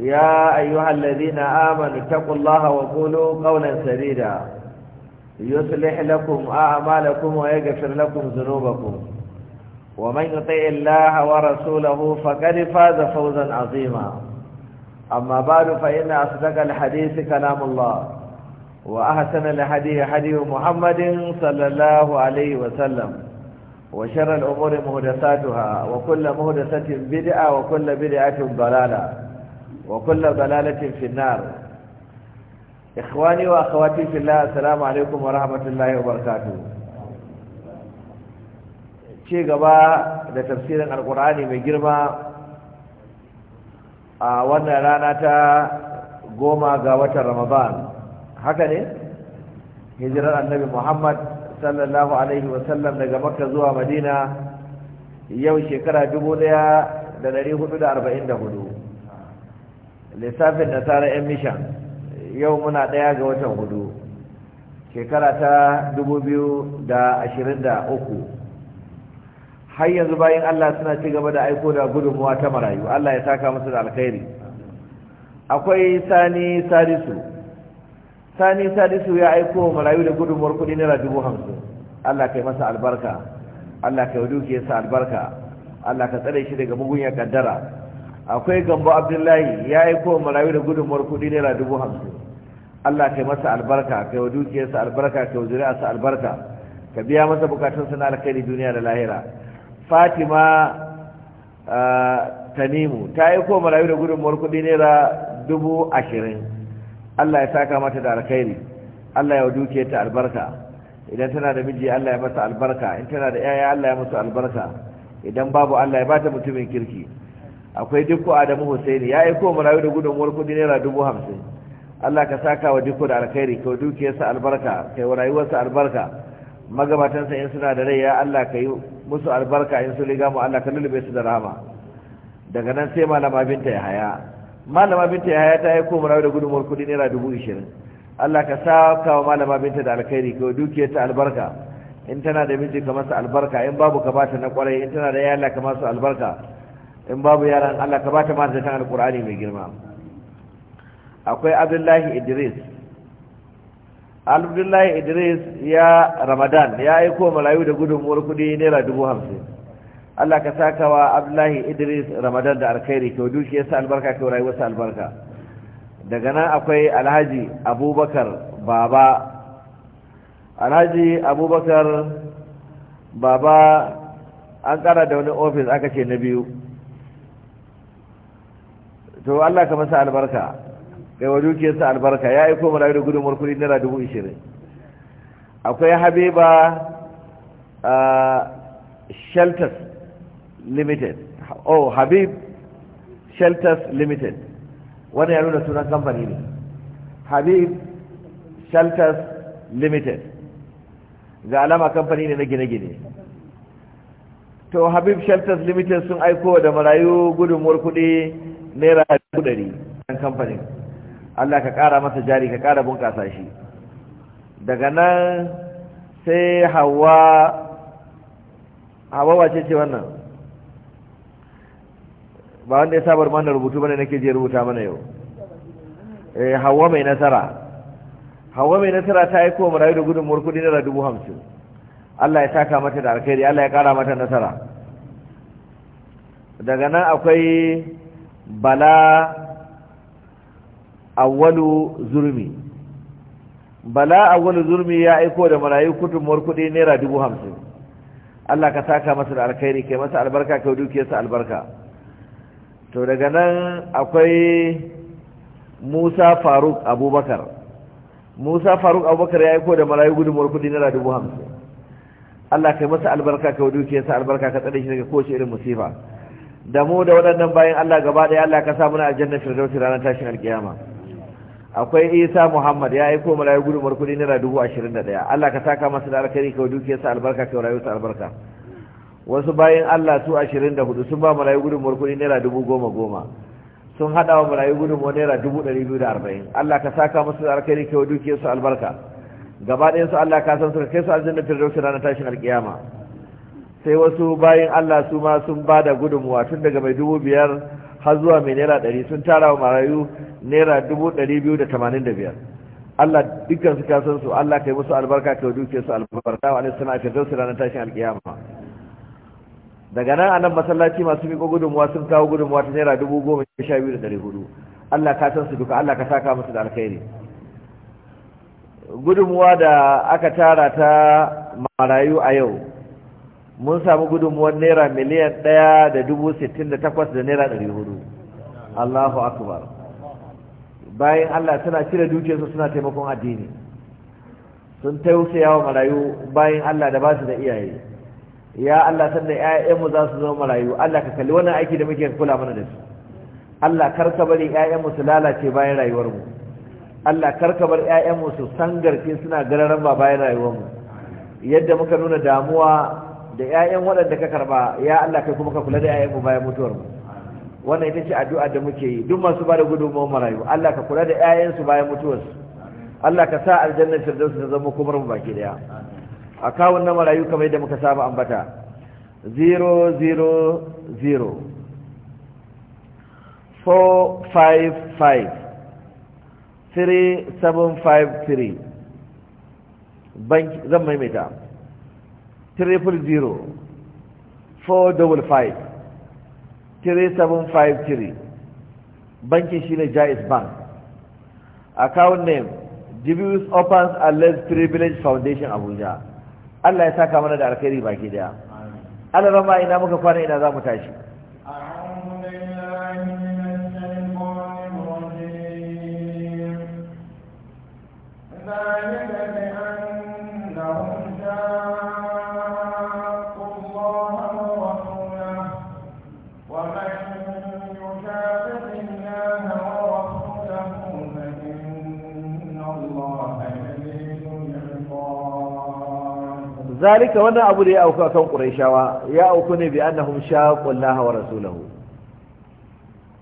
يا أيها الذين آمنوا اتقوا الله وقولوا قولا سديدا يصلح لكم أعمالكم ويغفر لكم ذنوبكم ومن يطيع الله ورسوله فقد فاز فوزا عظيما أما بعد فإن أصدق الحديث كلام الله وأحسن الحديث حديث محمد صلى الله عليه وسلم وشر الأمور مهدساتها وكل مهدسة بدعة وكل بدعة ضلالة Wa وكل ضلالة في النار إخواني وأخواتي في الله alaikum wa rahmatullahi wa وبركاته شيء gaba da tafsirin alkur'ani mai girma a wannan rana ta goma ga watan ramadan haka ne Hijrar annabi muhammad sallallahu alaihi wa sallam, daga makka zuwa madina yau shekara dubu da da da hudu arba'in hudu. lissafin nasara yan mishan yau muna ɗaya ga watan hudu shekara ta dubu biyu da ashirin da uku har yanzu bayan Allah suna ci gaba da aiko da gudunmuwa ta marayu Allah ya saka musu da alkhairi akwai sani sadisu sani sadisu ya aiko marayu da gudunmuwar kudi naira dubu hamsin Allah kai masa albarka Allah kai sa albarka Allah ka tsare shi daga mugun ya kaddara akwai gambo abdullahi ya yi kowa marawi da gudunmuwar kudi naira dubu hamsin allah ka masa albarka yi wa dukiyarsa albarka kai wa zuri'arsa albarka ka biya masa bukatunsa na alkhairi duniya da lahira fatima ah, tanimu ta yi kowa marawi da gudunmuwar kudi naira dubu ashirin allah ya saka mata da alkhairi allah ya wa dukiyarta albarka idan tana da miji allah ya masa albarka in tana da 'ya'ya allah ya musu albarka idan babu allah ya bata mutumin kirki akwai dukku adamu husaini ya aiko mu rayu da gudunmuwar kudi naira dubu hamsin allah ka saka wa dukku da alkhairi kai dukiyarsa albarka kai wa rayuwarsa albarka magabatansa in suna da rai ya allah ka yi musu albarka in su riga mu allah ka lulube su da rama daga nan sai malama binta ya haya malama binta ya haya ta aiko mu rayu da gudunmuwar kudi naira dubu ishirin allah ka saka wa malama binta da alkhairi kai dukiyarta albarka in tana da miji kamar su albarka in babu ka na kwarai in tana da yala kamar su albarka in babu yaran Allah ka ba bata mata ta alkur'ani mai girma akwai abdullahi idris abdullahi idris ya ramadan ya aiko malayu da gudunmuwar kudi naira dubu hamsin Allah ka saka wa abdullahi idris ramadan da alkhairi kyau sa albarka kyau sa albarka daga nan akwai alhaji abubakar baba alhaji abubakar baba an kara da wani ofis aka ce na biyu to Allah ka masa albarka kai wa sa albarka ya aiko mana da gudun murkuri naira dubu ishirin akwai habiba shelters limited oh habib shelters limited wani ya nuna sunan kamfani ne habib shelters limited ga alama kamfani ne na gine-gine to habib shelters limited sun aiko da marayu gudunmuwar kudi naira dubu ɗari ɗan kamfanin Allah ka ƙara masa jari ka ƙara bunƙasa shi daga nan sai hawa hawa wace ce wannan ba wanda ya sabar mana rubutu bane nake je rubuta mana yau eh hawa mai nasara hawa mai nasara ta yi kowa marayu da gudun dina da dubu hamsin Allah ya taka mata da alkhairi Allah ya ƙara mata nasara daga nan akwai bala awwalu zurmi bala awwalu zurmi ya aiko da marayu kutumar kuɗi naira dubu hamsin Allah ka saka masa da alkhairi kai masa albarka kai dukiyarsa albarka to daga nan akwai Musa Faruk Abubakar Musa Faruk Abubakar ya aiko da marayu gudunmuwar kuɗi naira dubu hamsin Allah kai masa albarka kai dukiyarsa albarka ka tsare shi daga kowace irin musifa da mu da waɗannan bayan Allah gaba ɗaya Allah ka sa muna aljanna firdausi ranar tashin alkiyama akwai Isa Muhammad ya aiko malayu rayu gudumar kuɗi naira dubu ashirin da ɗaya Allah ka saka masa da alkhairi kai sa albarka kai rayuwarsa albarka wasu bayan Allah su ashirin da hudu sun ba malayu rayu gudumar kuɗi naira dubu goma goma sun haɗa wa malayu rayu gudumar naira dubu ɗari biyu da arba'in Allah ka saka masa da alkhairi kai sa albarka gaba su Allah ka san su kai su aljanna firdausi ranar tashin alkiyama sai wasu bayan Allah su ma sun ba da gudunmuwa tun daga mai dubu biyar har zuwa mai naira ɗari sun tara wa marayu naira dubu ɗari biyu da tamanin da biyar Allah dukkan su kasan su Allah kai musu albarka kai duke su albarka wa alaihi sana'a fitar su ranar tashin alkiyama daga nan a nan masallaci masu miƙo gudunmuwa sun kawo gudunmuwa ta naira dubu goma sha biyu da ɗari hudu Allah ka san su duka Allah ka saka musu da alkhairi gudunmuwa da aka tara ta marayu a yau mun samu gudunmuwar naira miliyan ɗaya da dubu sittin da takwas da naira ɗari hudu allahu akbar bayan allah suna cire dukiyarsu suna taimakon addini sun tausaya wa marayu bayan allah da ba su da iyaye ya allah sannan 'ya'yanmu za su zama marayu allah ka kalli wannan aiki da muke kula mana da su allah kar ka bari 'ya'yanmu su lalace bayan rayuwarmu allah kar ka bar 'ya'yanmu su sangarce suna gararan ba bayan rayuwarmu yadda muka nuna damuwa da ƴaƴan waɗanda ka karba ya Allah kai kuma ka kula da ƴaƴan bayan mutuwar mu wannan ita ce addu'a da muke yi duk masu bada gudunmawar marayu Allah ka kula da ƴaƴan su bayan mutuwar su Allah ka sa aljannar firdausi ta zama kuma mu baki daya kawun na marayu kamar yadda muka saba ambata seven five 3753 bank zan maimaita triple zero four double five three seven five three bankin shi ne jais bank account name jibius opens and privilege foundation abuja allah ya saka mana da alkhairi baki daya allah ina muka kwana ina za mu tashi zalika wannan abu da ya auku akan quraishawa ya auku ne bi annahum shaqullaha wa rasulahu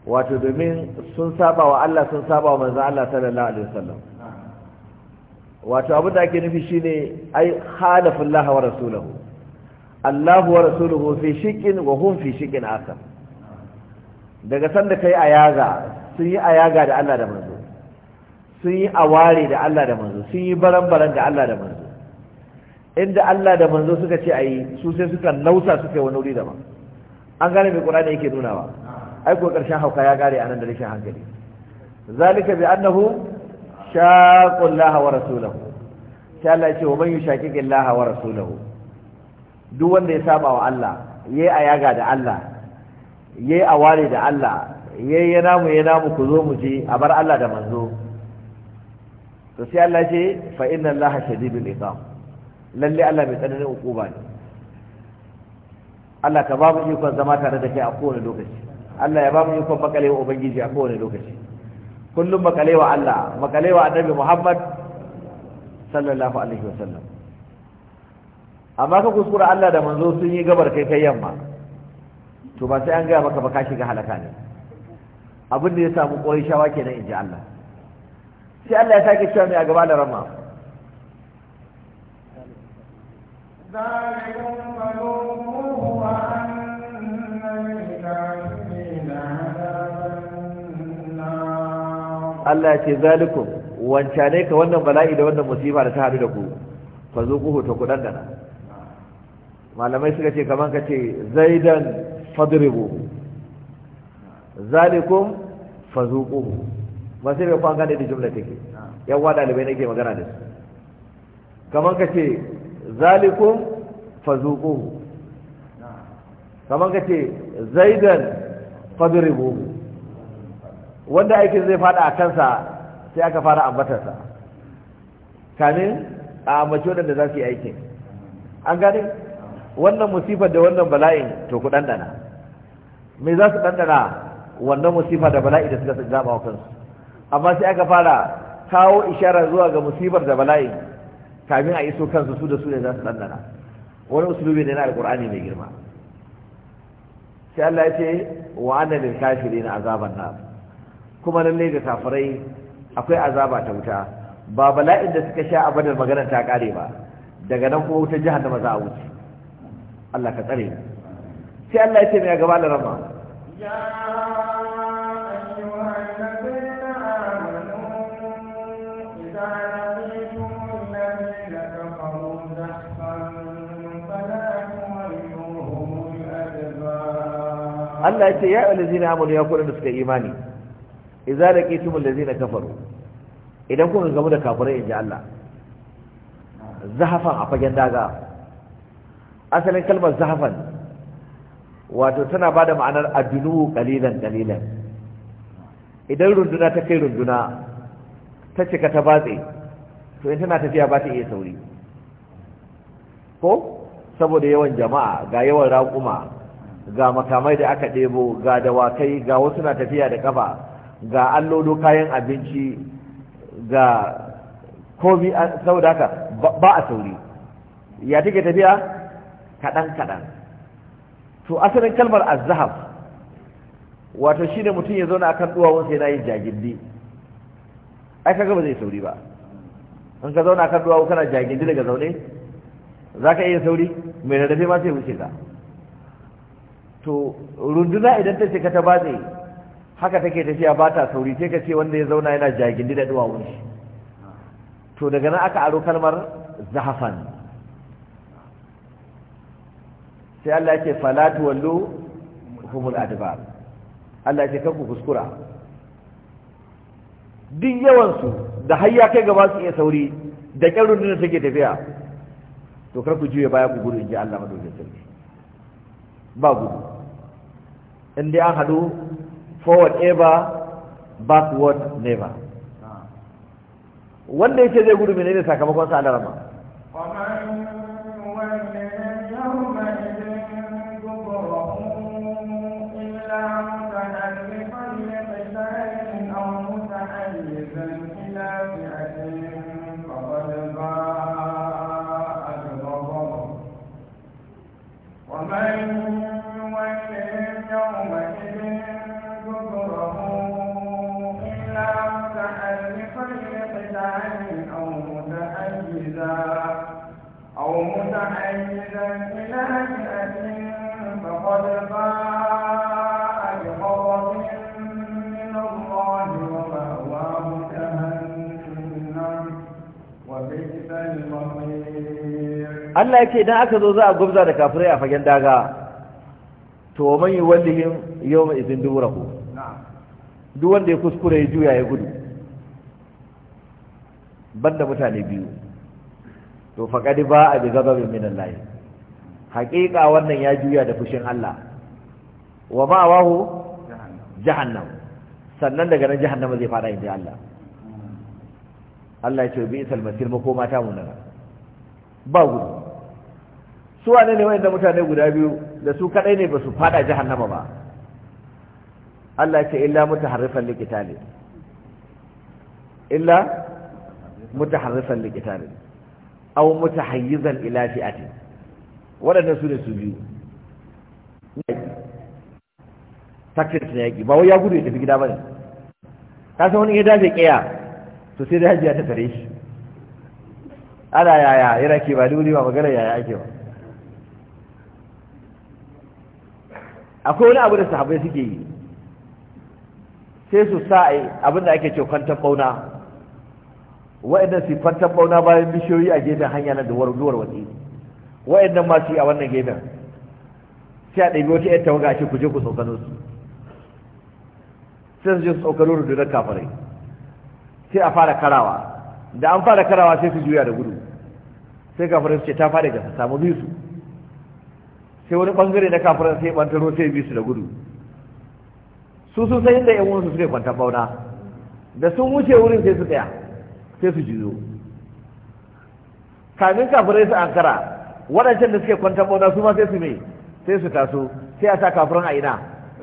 wato domin sun saba wa Allah sun saba wa manzon Allah sallallahu alaihi wasallam wato abu da ake nufi shine ai Allah wa rasulahu Allah wa rasuluhu fi shiqqin wa hum fi shiqqin akhar daga sanda kai ayaga sun yi ayaga da Allah da manzo sun yi aware da Allah da manzo sun yi baran-baran da Allah da manzo inda Allah da manzo suka ce ayi su sai suka nausa suka yi wani wuri daban an gane mai Qur'ani yake nunawa ai ko ƙarshen hauka ya gare a nan da rashin hankali zalika bi annahu shaqqa Laha wa rasulahu sai Allah ya ce wa man yushaqiqi Allah wa rasulahu duk wanda ya saba wa Allah yayi ayaga da Allah yayi aware da Allah yayi yana mu yana mu ku zo mu je a bar Allah da manzo to sai Allah ya ce fa inna Allah shadidul iqam lalle Allah mai tsananin hukuma ne Allah ka ba mu ikon zama tare da kai a kowane lokaci Allah ya ba mu ikon makalewa ubangiji a kowane lokaci kullum makalewa Allah makalewa annabi Muhammad sallallahu alaihi sallam. amma ka kuskura Allah da manzo sun yi gabar kai kai yamma to ba sai an gaya maka ba ka shiga halaka ne abin da ya samu koyi shawa kenan inji Allah sai Allah ya sake cewa mai a gaba da rama Allah ce zalikum wancane ka wannan bala'i da wannan musiba da ta hadu da ku fa zuquhu ta kudan dana malamai suka ce kaman ka ce zaidan fadribu zalikum fa zuquhu ba sai ba kwan gane da jumla take yawa wada da bai nake magana da su kaman ka ce zalikum fazuquhu kamar kace zaidan fadribu wanda aikin zai fada a kansa sai aka fara sa kamin a mace wanda za su yi aikin an gane wannan musifar da wannan bala'in to ku dandana. me za su dandana wannan musifa da bala'i da suka zaɓa wa kansu amma sai aka fara kawo isharar zuwa ga musibar da bala'in kamin a iso kansu su da su ne za su ɗanɗana wani usulubi ne na alƙur'ani mai girma sai Allah ya ce wa anna lil kafirin azaban nar kuma lalle ga kafirai akwai azaba ta wuta ba bala'in da suka sha abadar maganar ta kare ba daga nan kuma wutar jahannama za a wuce Allah ka tsare sai Allah ya ce mai gaba da rama Allah ya ce ya alazina amanu ya kudin da suka imani idza laqitum allazina kafaru idan kuka gamu da kafirai inji Allah zahafan a fagen daga asalin kalmar zahafan wato tana bada ma'anar adunu qalilan qalilan idan runduna ta kai runduna ta cika ta batse to in tana tafiya ba ta iya sauri ko saboda yawan jama'a ga yawan raƙuma ga makamai da aka ɗebo ga dawakai ga wasu na tafiya da kafa ga allodo kayan abinci ga komi saboda haka ba a sauri ya take tafiya kaɗan kaɗan to asalin kalmar azahab wato shi ne mutum ya zauna akan duwawunsa yana yin jagindi ai kaga ba zai sauri ba in ka zauna a kan duwawu kana jagindi daga zaune za ka iya sauri mai rarrafe ma sai wuce ka to runduna idan ta ka ta batse haka take tafiya ba ta sauri sai ka ce wanda ya zauna yana jagindi da duwawun shi to daga nan aka aro kalmar zahafan sai Allah yake falatu wallu humul adbar Allah yake kanku kuskura Din yawan su da hayya kai gaba su iya sauri da kyan runduna take tafiya to kar ku juye baya ku gudu in ji Allah madaukakin sarki ba gudu in dai an hadu forward ever backward never wanda yake zai gudu ne sakamakon sa alarma Allah ya ce idan aka zo za a gubza da kafirai a fagen daga to wa yau yuwallihim izin idin duburahu duk wanda ya kuskure ya juya ya gudu banda mutane biyu to faqad ba a bi ghadabin min layi, haƙiƙa wannan ya juya da fushin Allah wa ma wahu jahannam sannan daga nan jahannama zai fara inda Allah Allah ya ce bi isal masir makoma ta munana ba gudu su wane ne wanda mutane guda biyu da su kadai ne ba su fada jahannama ba Allah ce illa mutaharrifan liqitali illa mutaharrifan liqitali aw mutahayyizan ila fi'ati wadannan su ne su biyu tactics ne yaki ba wai ya gudu ya tafi gida bane ka san wani ya dace kiya to sai da hajiya ta tare shi ana yaya yana ke ba dole ba magana yaya ake ba akwai wani abu da sahabbai suke yi sai su sa abin da ake ce kwantar bauna wa'inda su kwantar bauna bayan bishiyoyi a gefen hanya na da duwar watsi wa'inda ma su yi a wannan gefen sai a ɗabi wata yadda tawaga a ce ku je ku tsokano su sai su je su tsokano rundunar kafarai sai a fara karawa da an fara karawa sai su juya da gudu sai kafarai su ce ta fara gasa samu biyu su sai wani bangare na kafiran sai bantaro sai bi su da gudu su sun san inda yan uwansu suke kwantar bauna da sun wuce wurin sai su tsaya sai su jizo kamin kafirai su ankara waɗancan da suke kwantar bauna su ma sai su mai sai su taso sai a sa kafiran a ina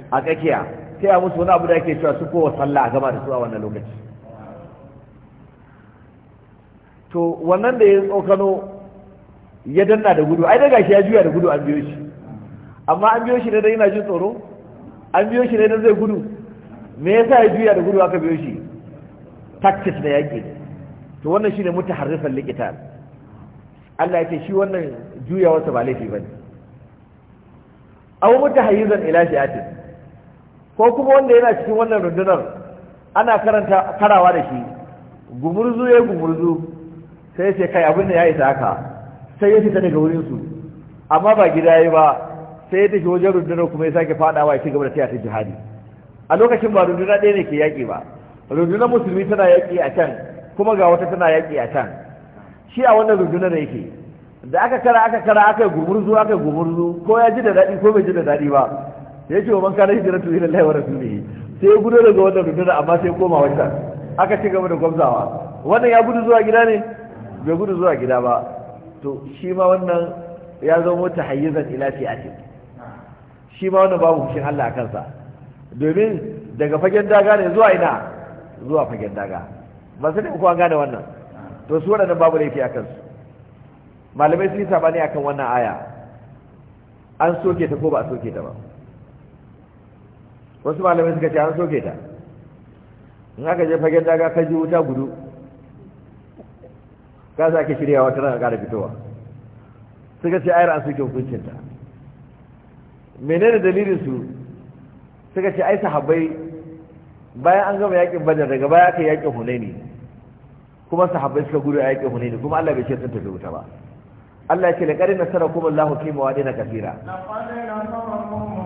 a tsakiya sai a musu wani abu da ake cewa su kowa sallah a gama da su a wannan lokaci to wannan da ya tsokano ya danna da gudu ai daga shi ya juya da gudu an biyo shi amma an biyo shi ne dai yana jin tsoro an biyo shi ne dan zai gudu me yasa ya juya da gudu aka biyo shi tactics da yaki to wannan shine mutaharrifan likitan Allah yake shi wannan juyawarsa ba laifi bane aw mutahayyizan ila shi'atin ko kuma wanda yana cikin wannan rundunar ana karanta karawa da shi gumurzu ya gumurzu sai sai kai abin da ya isa haka sai ya fita daga wurin su amma ba gida yayi ba sai ya tafi wajen rundunar kuma ya sake fadawa ya ci gaba da taya jihadi a lokacin ba runduna ɗaya ne ke yaƙi ba rundunar musulmi tana yaƙi a can kuma ga wata tana yaƙi a can shi a wannan runduna da yake da aka kara aka kara aka yi gumurzu aka yi gumurzu ko ya ji da daɗi ko bai ji da daɗi ba ya ce wa man kana hijira tu ilallahi wa rasulihi sai ya gudu daga wannan runduna amma sai koma wancan aka ci gaba da gwamzawa wannan ya gudu zuwa gida ne bai gudu zuwa gida ba to shi ma wannan ya zama tahayyizan ila fi'atin shi ma wannan babu fushin Allah a kansa domin daga fagen daga ne zuwa ina zuwa fagen daga ba su ne kuwa gane wannan to su waɗannan babu laifi a kansu malamai sun yi sabani akan wannan aya an soke ta ko ba a soke ta ba wasu malamai suka ce an soke ta in aka je fagen daga ka ji wuta gudu ka ka shirya wata ranar ƙara fitowa suka ce ayar an soke hukuncinta menene dalilin su suka ce ai sahabbai bayan an gama yakin badar daga baya aka yakin hunaini kuma sahabbai suka gudu a yakin hunaini kuma Allah bai ce sun tafi wuta ba Allah ya ce laqad nasarakum Allahu fi mawadin kafira laqad nasarakum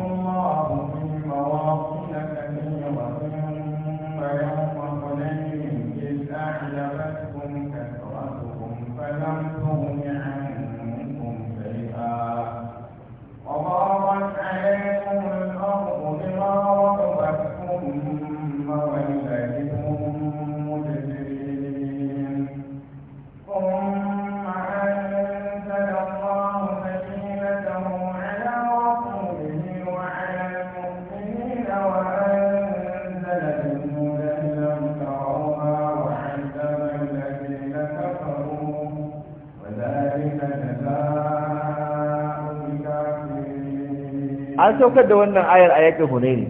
an saukar da wannan ayar a yakin hunaini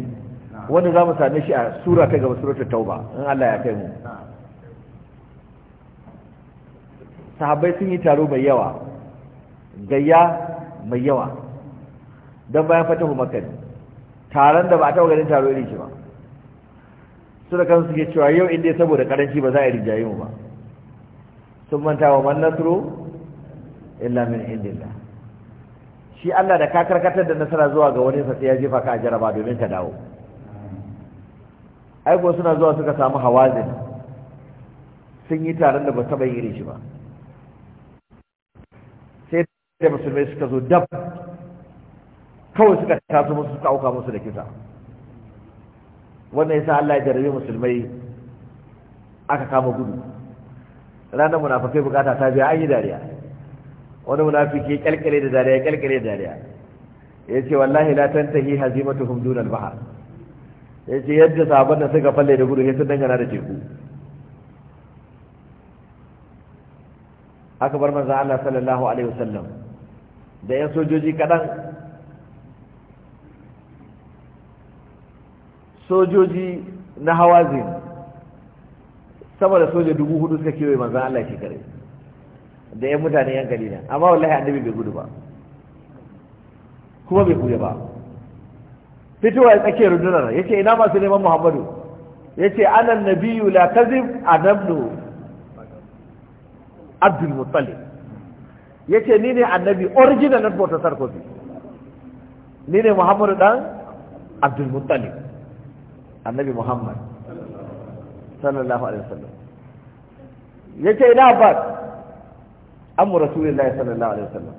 wanda za mu same shi a sura ta gaba suratul tauba in Allah ya kai mu sahabbai sun yi taro mai yawa gayya mai yawa don bayan fatahu makka taron da ba a taɓa ganin taro irin shi ba su da kansu suke cewa yau inda saboda karanci ba za a rinjaye mu ba sun manta wa man nasru illa min indillah shi Allah da ka karkatar da nasara zuwa ga wani sa sai ya jefa ka a jaraba domin ka dawo ai ko suna zuwa suka samu hawazin sun yi taron da ba taba yi shi ba sai da musulmai suka zo dab kawai suka taso musu suka auka musu da kisa wannan yasa Allah ya jarabe musulmai aka kama gudu ranar munafikai bukata ta biya an yi dariya wani munafiki ya kyalkyale da dariya ya kyalkyale da dariya ya ce wallahi la tantahi hazimatu hum dunal baha ya ce yadda sahabban da suka falle da gudu sai sun dangana da teku aka bar manzon Allah sallallahu alaihi wasallam da yan sojoji kadan sojoji na hawazin sama da soja dubu hudu suka kewaye manzan Allah shi kare da yan mutane yan kalilan amma wallahi annabi bai gudu ba kuma bai kuya ba fitowa ya tsakiyar rundunar ya ce ina masu neman muhammadu ya ce anan nabiyu la kazib anabnu abdul muttalib ya ce ni ne annabi original na bautar sarkozy ni ne muhammadu dan abdul muttalib annabi muhammad sallallahu alaihi wasallam ya ce ina ba amur rasulullahi sallallahu alaihi wasallam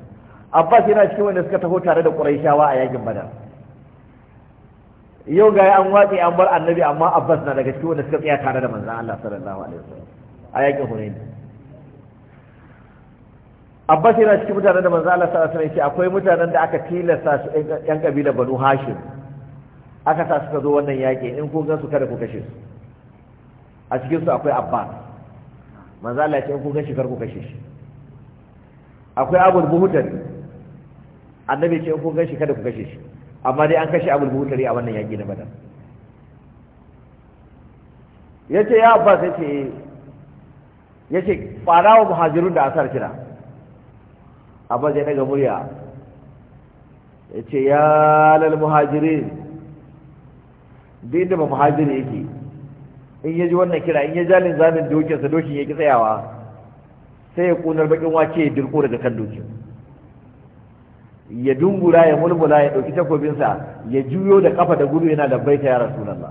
abbas yana cikin wanda suka taho tare da quraishawa a yakin badar yau ga an watsi an bar annabi amma abbas na daga cikin wanda suka tsaya tare da manzon Allah sallallahu alaihi wasallam a yakin hunain abbas yana cikin mutanen da manzon Allah sallallahu alaihi wasallam ya ce akwai mutanen da aka tilasta su yan kabila banu hashim aka sa suka zo wannan yaƙi in ku gan su kada ku kashe su a cikin su akwai abbas manzo Allah ya ce in ku gan shi kar ku kashe shi akwai abul buhutari annabi ce in kun gashi kada ku kashe shi amma dai an kashe abul buhutari a wannan yaki na badar yace ya abbas ya ce yace ce muhajirun da asar kira abbas ya daga murya ya ce ya lal muhajirin duk da muhajiri yake in ya ji wannan kira in ya jalin zamin dokinsa dokin ya ki tsayawa sai ya kunar bakin wake ya dirko daga kan doki ya dungura ya mulmula ya ɗauki takobinsa ya juyo da kafa da gudu yana ba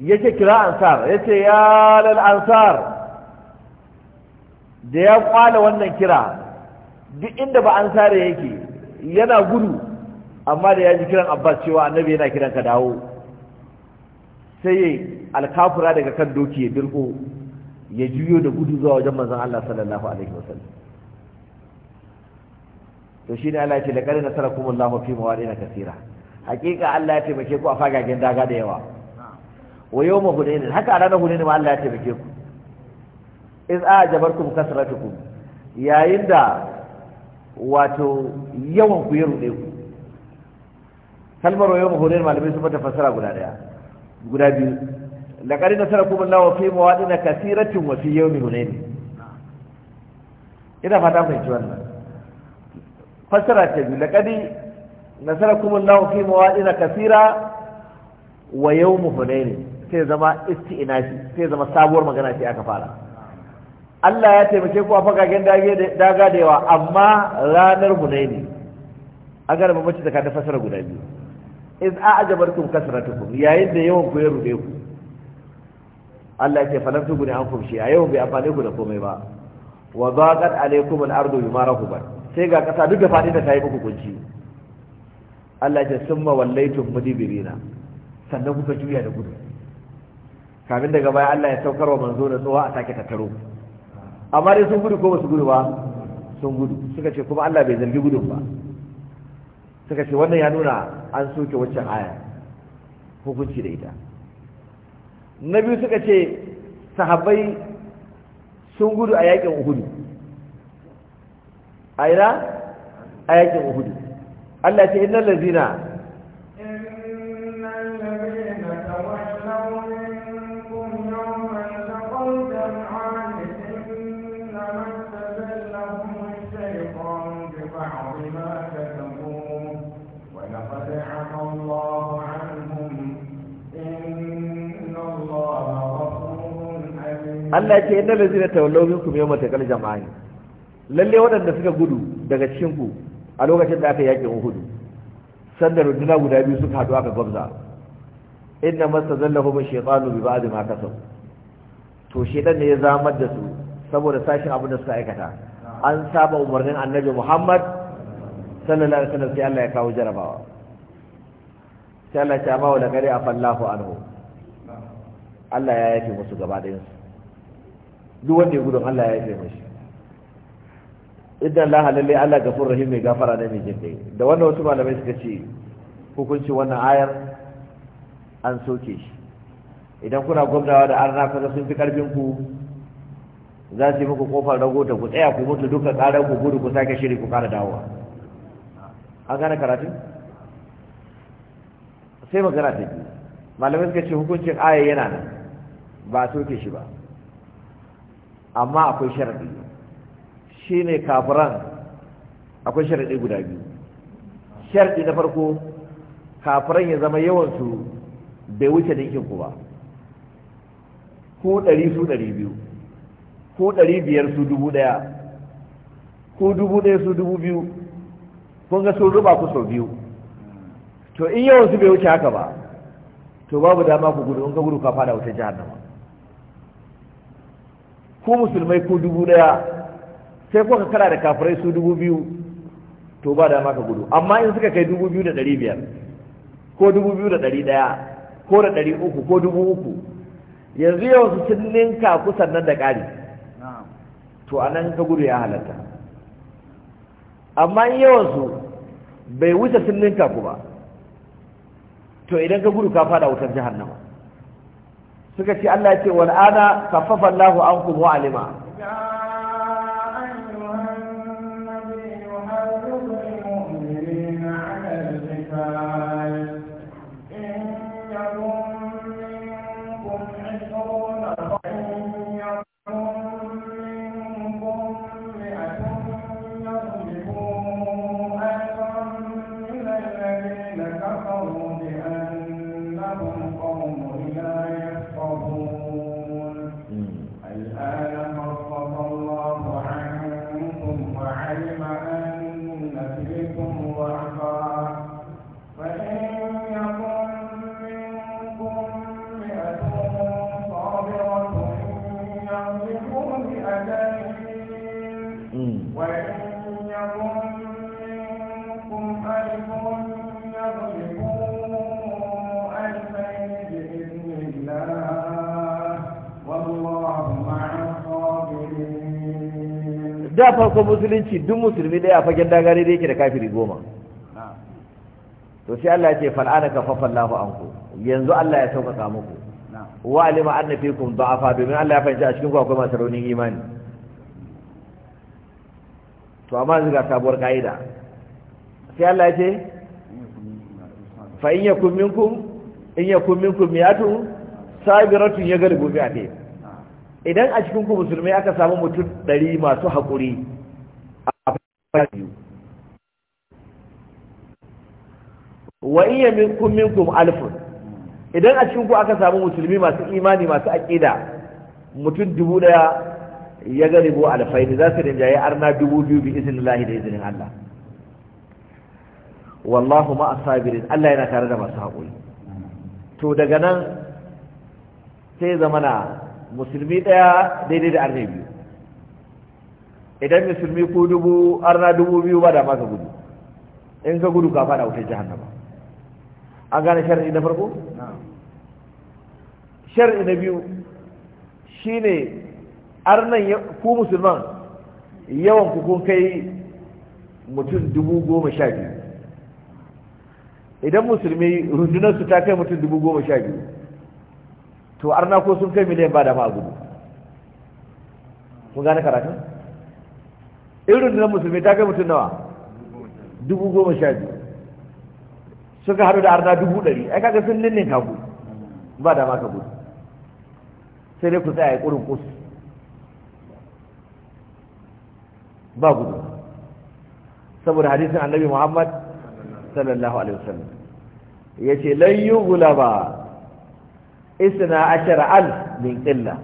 ya ce kira ansar yace ya lal ansar da ya kwala wannan kira duk inda ba ansare yake yana gudu amma da ya ji kiran abbas cewa annabi yana kiran ka dawo sai alkafura daga kan doki ya dirko ya juyo da gudu zuwa wajen manzon Allah sallallahu alaihi wasallam to shi ne Allah ya ce da kare nasara kuma Allah fi mawaɗi na kasira hakika Allah ya taimake ku a fagagen daga da yawa wa yawma ma haka a ranar hunaini ma Allah ya taimake ku iz a jabarkum kasratukum yayin da wato yawan ku ya ruɗe ku kalmar wa yau ma malamai sun mata fasara guda ɗaya guda biyu laqad nasarakum Allah fi mawadin kathiratin wa fi yawmi hunain ina fata mai ji wannan fasara ta biyu laqad nasarakum Allah fi na kasira wa yawmi hunain sai zama isti'nafi sai zama sabuwar magana ce aka fara Allah ya taimake ku a fagagen daga da yawa amma ranar hunaini an gane bambanci tsakanin fasara guda biyu in a'ajabarkum kasratukum yayin da yawan ku ya rude ku Allah ya ce falam ne an shi a yau bai amfane ku da komai ba wa zaqat alaykum al-ardu bima rahubat sai ga kasa duk da fadi da kai muku kunci Allah ya ce summa wallaytum mudibirina sannan kuka juya da gudu kafin daga baya Allah ya saukar wa manzo da tsowa a sake tattaro amma dai sun gudu ko basu gudu ba sun gudu suka ce kuma Allah bai zargi gudun ba suka ce wannan ya nuna an soke waccan aya hukunci da ita na biyu suka ce sahabbai sun gudu a yakin uhudu a ina a yakin uhudu Allah ce innal lazina Allah ya ce inna lazina tawallaw minkum yawma taqal jama'i lalle waɗanda suka gudu daga cikin ku a lokacin da aka yaki Uhud sanda runduna guda biyu suka haɗu aka gwamza inna mastazallahum bi shaytanu bi ba'd ma kasabu to shedan ne ya zamar da su saboda sashin abin da suka aikata an saba umarnin annabi Muhammad sallallahu alaihi wasallam sai Allah ya kawo jarabawa sai Allah ya ce ma wa a afallahu anhu Allah ya yafe musu gaba ɗayansu duk wanda ya gudun Allah ya yi mashi idan Allah halalle Allah gafur rahim mai gafara ne mai jinde da wanda wasu malamai suka ce hukunci wannan ayar an soke shi idan kuna gwamnawa da arna kaza sun fi karfin ku za su yi muku kofar rago ta ku tsaya ku mutu duka ƙarar ku gudu ku sake shiri ku kara dawowa an gane karatun sai magana ta biyu malamai suka ce hukuncin ayar yana nan ba soke shi ba amma akwai sharaɗi shi ne kafiran akwai sharaɗi guda biyu sharaɗi na farko kafiran ya zama yawansu bai wuce ninkin ku ba ku ɗari su ɗari biyu ku ɗari biyar su dubu ɗaya ku dubu ɗaya su dubu biyu kun ga sun ruba ku sau biyu to in yawansu bai wuce haka ba to babu dama ku gudu in ka gudu ka fada jihar nama ko musulmai ko dubu daya sai kuka kara da kafirai su dubu biyu to ba dama ka gudu amma in suka kai dubu biyu da ɗari biyar ko dubu biyu da ɗari ɗaya ko da ɗari uku ko dubu uku yanzu yau su sun ninka kusan nan da ƙari to a nan ka gudu ya halatta amma in yawansu bai wuce sun ninka ku ba to idan ka gudu ka fada wutar jahannama suka ce Allah ya ce wal ana kaffafa Allahu ankum wa alima da farkon musulunci duk musulmi daya a fagen dagare da yake da kafiri goma to sai Allah ya ce fal'ana ka fafan lahu anku yanzu Allah ya sauƙaƙa muku wa alima anna fikum da'afa domin Allah ya fahimci a cikin ku akwai masu raunin imani to amma yanzu ga sabuwar ka'ida sai Allah ya ce fa in yakum minkum in yakum minkum mi'atun sabiratun ya galibu bi'atayhi idan a cikin ku musulmai aka samu mutum ɗari masu haƙuri a biyu wa iya minkum minkum alfun idan a cikin ku aka samu musulmi masu imani masu aƙida mutum dubu ɗaya ya ga ribo alfaini za su rinjaye arna dubu biyu bi izinin lahi da izinin Allah wallahu ma asabirin Allah yana tare da masu haƙuri to daga nan sai zamana musulmi ɗaya daidai da arna biyu idan musulmi ko dubu arna dubu biyu ba da ma ka gudu in ka gudu ka faɗa wutar jahannama an gane shari'i na farko shari'i na biyu shine arnan ku musulman yawan ku kun kai mutum dubu goma sha biyu idan musulmi rundunarsu ta kai mutum dubu goma sha biyu to arna ko sun kai miliyan ba da ma a gudu kun gane karatun irin na musulmi ta kai mutum nawa dubu goma sha biyu suka haɗu da arna dubu ɗari ai kaga sun ninnin ka gudu ba da ma ka gudu sai dai ku tsaya ya ƙurin kusu ba gudu saboda hadisin annabi muhammad sallallahu alaihi wasallam ya ce lan yi ba. isna ashara al min qilla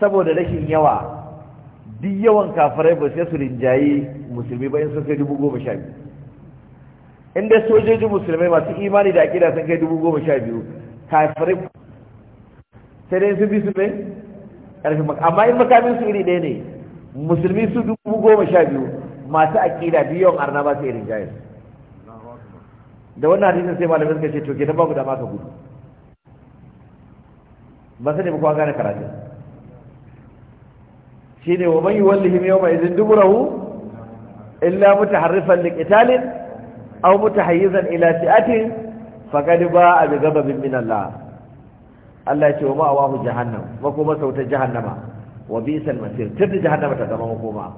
saboda rashin yawa duk yawan kafirai ba sai su rinjaye musulmi ba in sun kai dubu goma sha biyu inda sojoji musulmai masu imani da akida sun kai dubu goma sha biyu kafirai sai dai sun bi su mai ƙarfi maka amma in makamin su iri ɗaya ne musulmi su dubu goma sha biyu masu akida duk yawan arna ba su irin jayar da wannan hadisin sai malamin suka ce to ke ta ba ku da maka gudu ba sani ba kowa gane karatu shi ne wa mai himi yau mai izin duburahu illa mutu harrifan liƙitalin au mutu hayyizan ila shi'atin faƙadi ba a bi gababin min Allah Allah ce wa ma'awahu jahannam makoma sautar jahannama wa bi isan masir tun jahannama ta zama makoma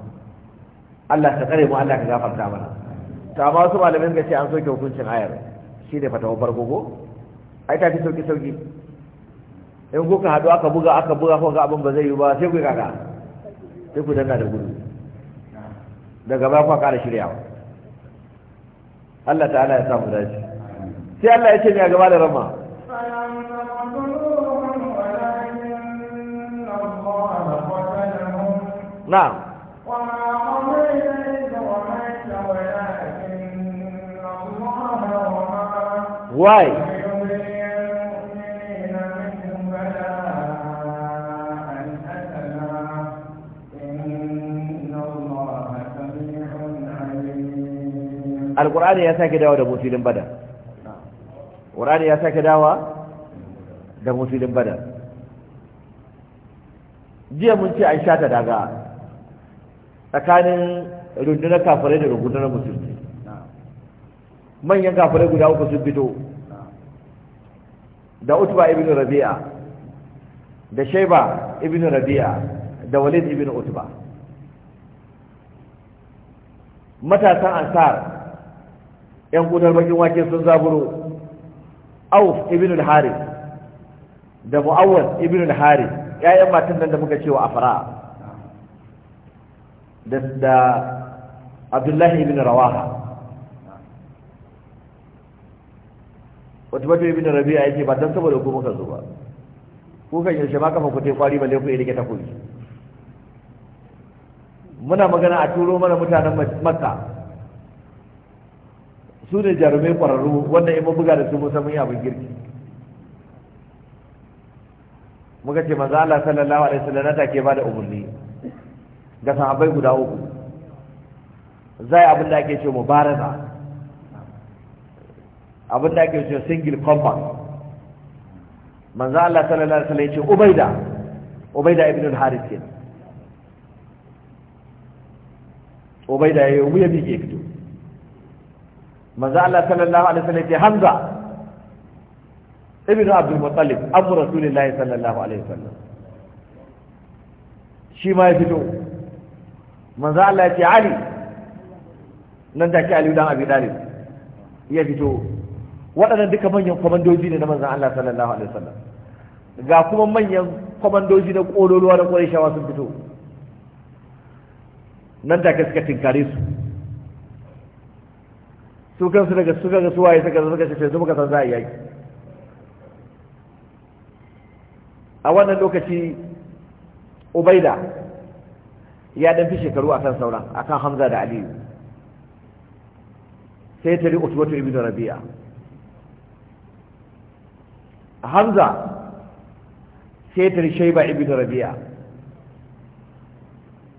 Allah ta tsare mu Allah ka gafarta mana ta ma wasu malamin ga ce an soke hukuncin ayar shi ne fatawar farko ko ai ta fi sauki sauki in kuka haɗu aka buga aka buga ko ga abin ba zai yi ba sai ku yi kaka sai ku danna da gudu daga ba ku ƙara shiryawa Allah ta'ala ya samu dace sai Allah ya ce ni a gaba da rama na why alkur'ani ya sake dawo da mu badar ƙur'ani ya sake dawa da musulun badar jiya mun ce an shata daga tsakanin rundunar kafirai da rundunar musulmi manyan kafirai guda uku sun fito da utba ibn rabi'a da shaiba ibn rabi'a da walid ibn utba matasan ansar yan kudar bakin wake sun zaburo auf ibn al-harith da mu'awwal ibn al-harith yayin matan nan da muka cewa afra da da abdullahi ibn rawaha wata ibn rabi'a yake ba dan saboda ku muka zo ba ku kan yaushe ma kafa ku te kwari balle ku ta takobi muna magana a turo mana mutanen makka su ne jarumai kwararru wanda in buga da su musa mun yi abin girki muka ce maza Allah sallallahu alaihi wasallam ta ke bada umurni ga sahabbai guda uku zai abin da ake ce mubaraza abin da ake ce single combat manzo Allah sallallahu alaihi wasallam ya ce ubaida ubaida ibn al-harith ubaida ya yi wuya bi ke fito manzo Allah sallallahu alaihi wasallam ce Hamza Ibn Abdul Muttalib abu Rasulullahi sallallahu alaihi wasallam shi ma ya fito manzo Allah ya ce Ali nan da ke Ali dan Abi Talib ya fito waɗannan duka manyan komandoji ne na manzon Allah sallallahu alaihi wasallam ga kuma manyan komandoji na ƙololuwa da ƙwarishawa sun fito nan da ke suka tinkare su su kansu daga suka ga suwaye suka suka ce sai muka san za a yaki a wannan lokaci ubaida ya dan fi shekaru akan sauran a kan hamza da aliyu sai ta riƙo tuwatu ibn rabi'a hamza sai ta riƙo shaiba ibn rabi'a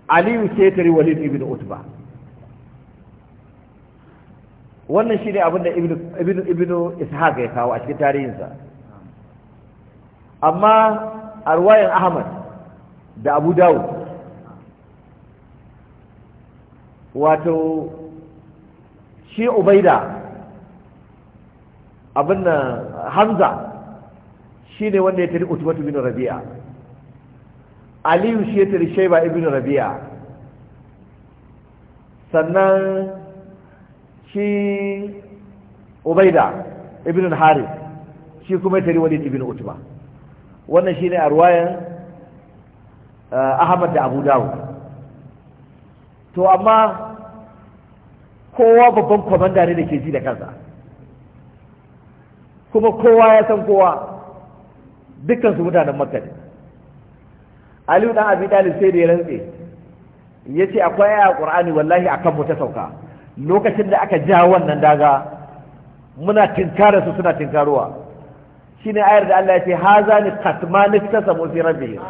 aliyu sai ta riƙo walid ibn utba wannan shi ne abin da ibnu ishaq ya kawo a cikin tarihinsa amma arwayan ahmad da abu dawud wato shi ubaida abin da hamza shi ne wanda ya tari utubatu bin rabi'a aliyu shi ya tari shaiba ibn rabi'a sannan shi ubaida ibn harith shi kuma ya tari walid ibn utba wannan shine a ruwayan uh, ahmad da abu dawud to amma kowa babban komanda ne da ke ji da kansa kuma kowa ya san kowa dukkan su mutanen makka ne aliyu dan abi sai da ya rantse ya ce akwai aya qur'ani wallahi akan mu ta sauka lokacin da aka ja wannan daga muna tinkara su suna tinkarowa shine ayar da Allah ya ce hazani qatman iktasamu fi rabbihim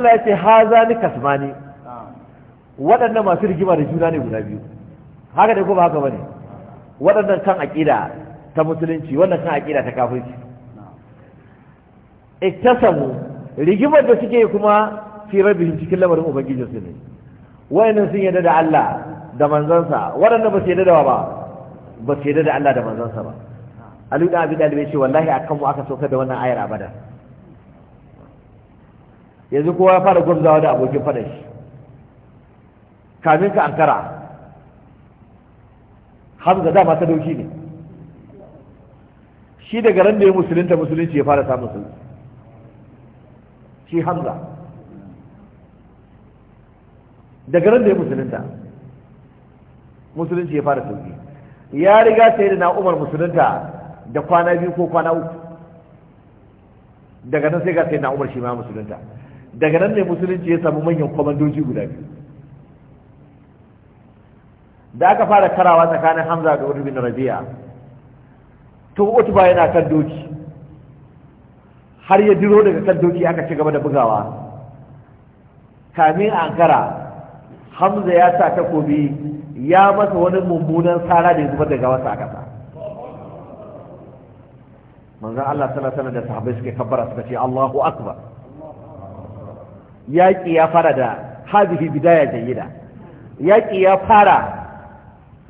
Allah ya ce haza ni kasmani waɗannan masu rigima da juna ne guda biyu haka dai ko ba haka bane waɗannan kan aƙida ta musulunci wannan kan aƙida ta kafirci iktasamu rigimar da suke kuma fi rabbihim cikin lamarin ubangiji su ne wayannan sun yarda da Allah da manzansa waɗannan ba su yarda da ba ba su yarda da Allah da manzansa ba Ali da Abi Talib ce wallahi akan mu aka sauka da wannan ayar abada yanzu kowa ya fara gwamzawa da abokin faɗa shi kamin ka ankara hamza dama ta dauki ne shi daga ran da ya musulunta musulunci ya fara samun sulhu shi hamza daga ran da ya musulunta musulunci ya fara sauki ya riga sai da na'umar musulunta da kwana biyu ko kwana uku daga nan sai ga sai na umar shi ma musulunta daga nan ne musulunci ya samu manyan kwamandoji guda biyu da aka fara karawa tsakanin hamza da wani bin rabi'a to utuba yana kan doki har ya diro daga kan doki aka ci gaba da bugawa kamin ankara hamza ya sa takobi ya masa wani mummunan tsara da ya zubar daga wasa kasa manzan Allah sallallahu alaihi da sahabbai suke kabbara suka ce Allahu akbar yaƙi ya fara da hazihi bidaya jayyida yaƙi ya fara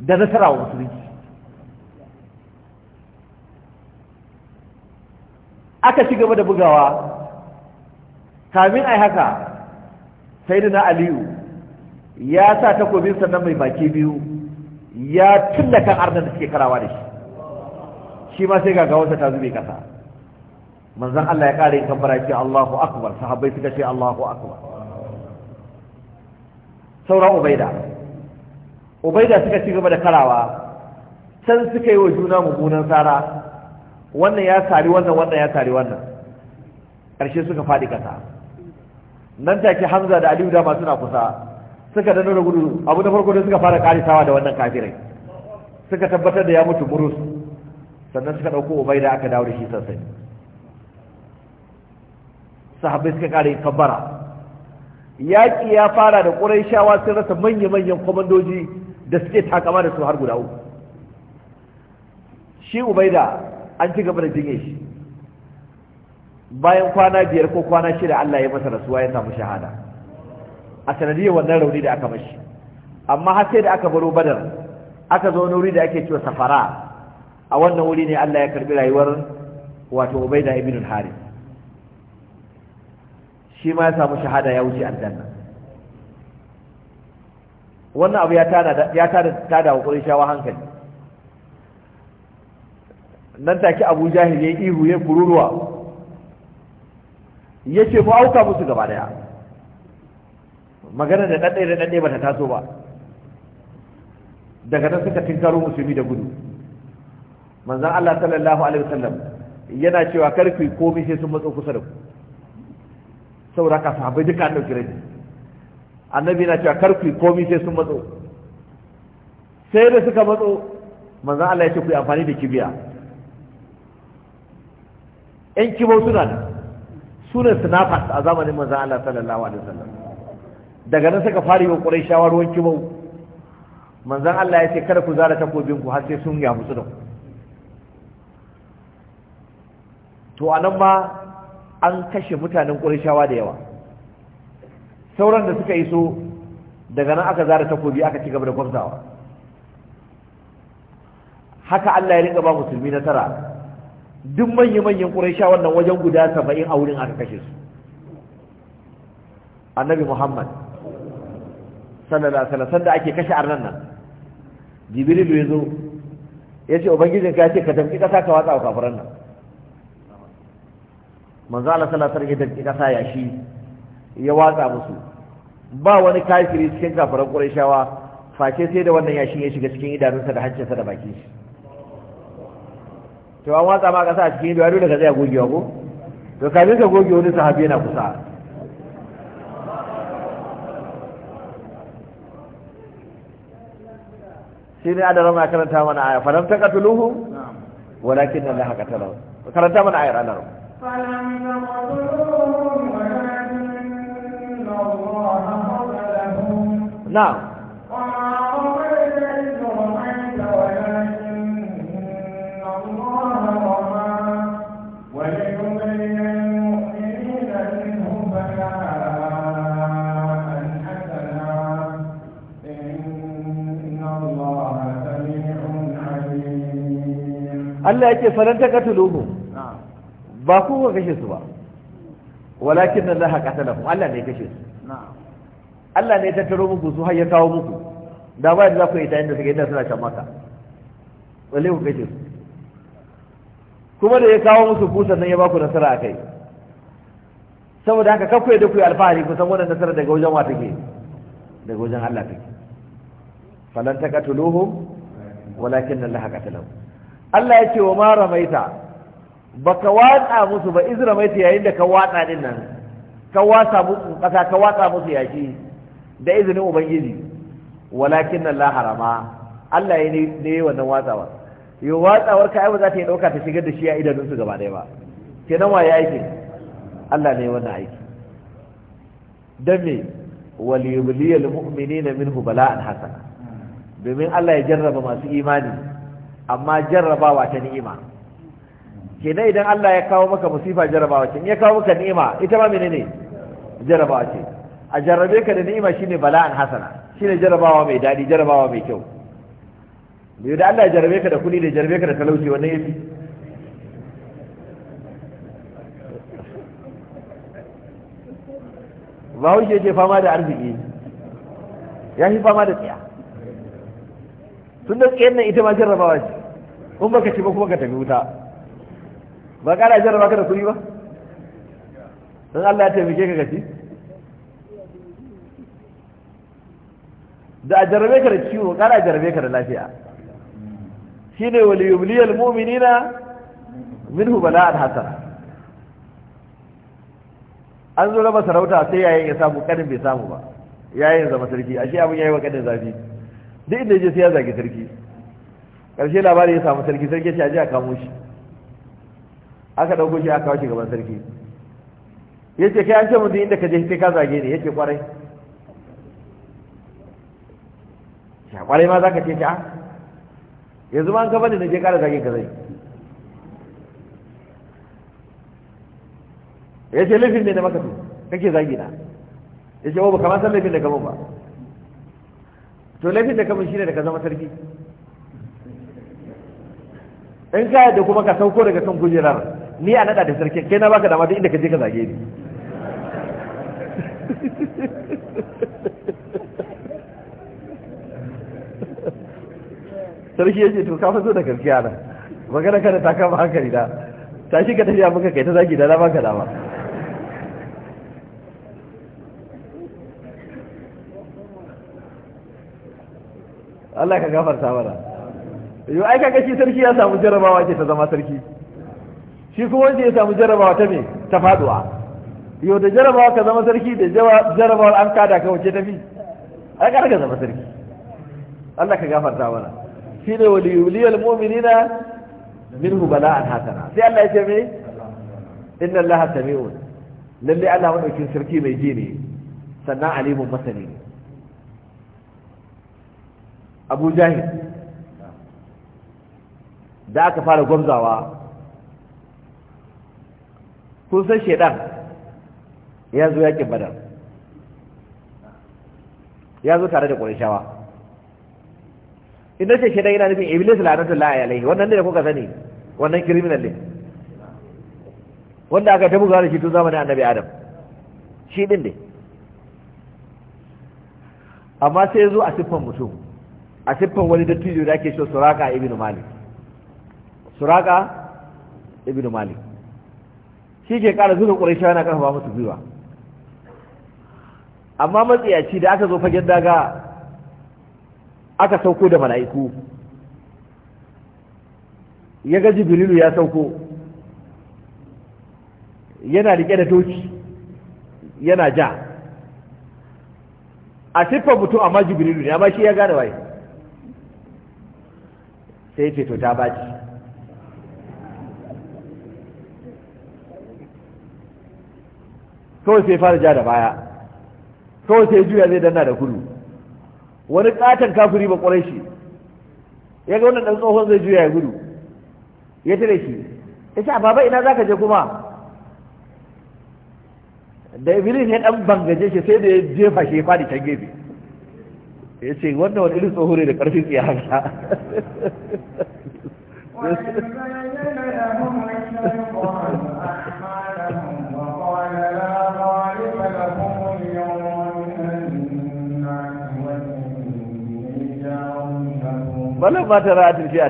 da nasara wa musulunci aka ci gaba da bugawa kamin yi haka sai na aliyu ya sa takobin sannan mai baki biyu ya da kan arnar da suke karawa da shi shi ma sai gawarsa ta zube kasa manzan Allah ya kare kabbara ce Allahu akbar sahabbai suka ce Allahu akbar sauran ubaida ubaida suka ci gaba da karawa can suka yi wa juna mummunan tsara wannan ya tari wannan wannan ya tari wannan ƙarshe suka faɗi kasa nan take hamza da aliyu masu suna kusa suka dano da gudu abu na farko da suka fara karisawa da wannan kafirai suka tabbatar da ya mutu burus sannan suka ɗauko ubaida aka dawo da shi sassani sahabbai suka kare kabbara yaƙi ya fara da ƙurai shawa sun rasa manya-manyan kwamandoji da suke takama da su har guda uku shi ubaida an ci gaba da jinye shi bayan kwana biyar ko kwana shida Allah ya masa rasuwa ya samu shahada a sanadiyar wannan rauni da aka mashi amma har sai da aka baro badar aka zo wani wuri da ake cewa safara a wannan wuri ne Allah ya karbi rayuwar wato Ubaida ibn al-Harith shi ma ya samu shahada ya wuce aljanna wannan abu ya tada ya tada wa qurayshawa hankali nan take Abu Jahil yayi ihu ya kururuwa yace mu auka musu gaba daya magana da dadai da dadai bata taso ba daga nan suka tinkaro musulmi da gudu manzon Allah sallallahu alaihi wasallam yana cewa karfi komai sai sun matso kusa da ku saboda ka sahabbai duka an dauki rabi annabi na cewa kar ku yi komai sai sun matso sai da suka matso manzan Allah ya ce ku yi amfani da kibiya ƴan kibo suna da sunan sinafas a zamanin manzan Allah sallallahu alaihi wasallam daga nan suka fara yi wa Qurayshawa ruwan kibau Allah ya ce kada ku zara takobin ku har sai sun ya musu da ku to anan ma an kashe mutanen ƙurishawa da yawa sauran da suka iso daga nan aka zara takobi aka ci gaba da kwamtawa haka Allah ya rika ba musulmi nasara duk manya-manyan ƙurishawa wannan wajen guda saba'in a wurin aka kashe su annabi muhammad sallallahu alaihi wasallam ake kashe arnan nan jibrilu ya zo ya ce ubangijinka ya ce ka damki ƙasa ka watsa wa kafiran nan manzo Allah sallallahu alaihi wasallam ya kasa yashi ya watsa musu ba wani kafiri cikin kafiran Qurayshawa face sai da wannan yashin ya shiga cikin idanunsa da hancinsa da baki shi to an watsa ma kasa a cikin ido dole zai goge gogewa ko to kafin ka goge wani sahabi yana kusa shi ne adara ma karanta mana aya falam ta katuluhu walakin Allah ka karanta mana ayar Allah نعم Allah yake faranta katuluhu ba ku ga kashe su ba walakin nan laha qatalahum Allah ne kashe su Allah ne ta taro muku su har ya kawo muku da ba za ku yi tayin da suke da suna can maka wale ku kashe su kuma da ya kawo musu ku sannan ya ba ku nasara a kai saboda haka kakwai da ku yi alfahari kusan wannan nasara daga wajen wa take daga wajen Allah take falan taqatuluhum walakin Allah qatalahum Allah ya ce wa ma ramaita baka watsa musu ba izra mai yayin da ka watsa din nan ka watsa musu kasa ka watsa musu yaki da izinin ubangiji walakin Allah harama Allah ya ne wannan watsawa yo watsawar ka ai ba za ta yi dauka ta shigar da shi a idanun su gaba daya ba kenan waye aiki Allah ne wannan aiki dan me waliyubliyal mu'minina minhu bala'an hasana domin Allah ya jarraba masu imani amma jarrabawa ta ni'ima kenan idan Allah ya kawo maka musifa jarabawa ce in ya kawo maka ni'ima ita ma menene jarabawa ce a jarrabe ka da ni'ima shine bala'an hasana shine jarabawa mai dadi jarabawa mai kyau biyu da Allah ya jarrabe ka da kuɗi da jarrabe ka da talauci ya fi ba wuce yake fama da arziki ya fi fama da tsiya tun da tsayen nan ita ma jarrabawa ce in baka ci ba kuma ka tafi wuta ba kana jira ka da kuri ba don Allah ya taimake ka gaci da a jarrabe ka da ciwo kana jarrabe ka da lafiya shine wal yumliyal mu'minina minhu bala'an hasan. an zo raba sarauta sai yayin ya samu kanin bai samu ba yayin zama sarki ashe abin yayi wa kanin zafi duk inda je sai ya zagi sarki karshe labari ya samu sarki sarki ya ce a je a kamo shi aka ɗauko shi aka kawo shi gaban sarki ya ce kai an ce mutum inda ka je sai ka zage ne ya ce kwarai ya kwarai ma za ka ce a ah. yanzu ma an kafa ne na je kara zage ka zai ya ce laifin ne na maka to kake zage na ya ce oh, ba kama san laifin da kamun ba to laifin da kamun shine da ka zama sarki in ka yadda kuma ka sauko daga kan kujerar ni a nada da sarki kai na baka dama duk inda ka je ka zage ni sarki yake to ka faso da gaskiya na magana kada ta kama hankali da ta shi ka tafiya maka kai ta zage da na baka dama Allah ka gafarta mana yau ai kaga shi sarki ya samu jarabawa ce ta zama sarki shi kuma wanda ya samu jarabawa ta me ta faduwa yau da jarabawa ka zama sarki da jarabawar an kada ka wace tafi ai ka zama sarki Allah ka gafarta mana shi ne wali na mu'minina hubala an hasana sai Allah ya ce me inna Allah sami'un lalle Allah madaukin sarki mai ji ne sannan alimun masani ne Abu Jahil da aka fara gwamzawa kun san shaidan ya zo yakin badar ya zo tare da ƙwarishawa inda ce shaidan yana nufin iblis la'anatu la'a alaihi wannan ne da kuka sani wannan criminal ne wanda aka tabu da shi tun zamanin annabi adam shi din ne amma sai zo a siffan mutum a siffan wani dattijo da ake so suraka ibnu malik suraka ibnu malik shi ke ƙara zuwa ƙuraisha yana ƙarfafa musu zuwa amma matsiyaci da aka zo fagen daga aka sauko da mala'iku ya ga jibrilu ya sauko yana riƙe da doki yana ja a siffar mutum amma jibrilu ne amma shi ya gane waye sai ce to ta baci kawai sai fara ja da baya kawai sai juya zai danna da kudu wani katon kafiri ba kwarai shi ya ga wannan dan tsohon zai juya ya gudu ya tare shi ya ce baba ina za ka je kuma da iblis ya dan bangaje shi sai da ya jefa shi ya fadi can gefe ya ce wannan wani irin tsohon ne da karfin tsiya haka wannan ba ta ra'atin fi a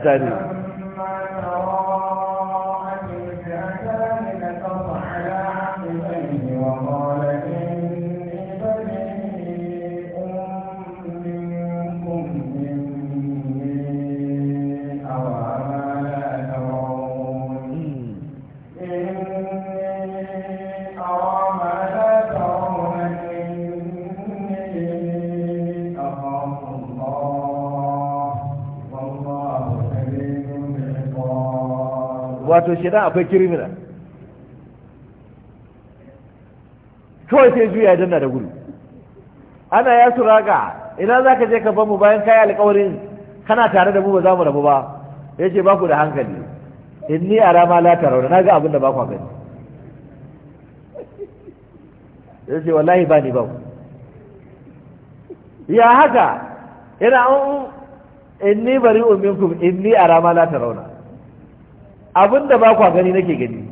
wato shaidan akwai criminal kawai sai juya danna da gudu ana ya suraka ina za ka je ka mu bayan kayi alkawarin kana tare da mu ba za mu rabu ba ya ce ba ku da hankali ni a rama la tarauna na ga abin da ba ku gani ya ce wallahi ba ni ba ku ya haka ina an ni bari in ni a rama la tarauna abin da ba kwa gani nake gani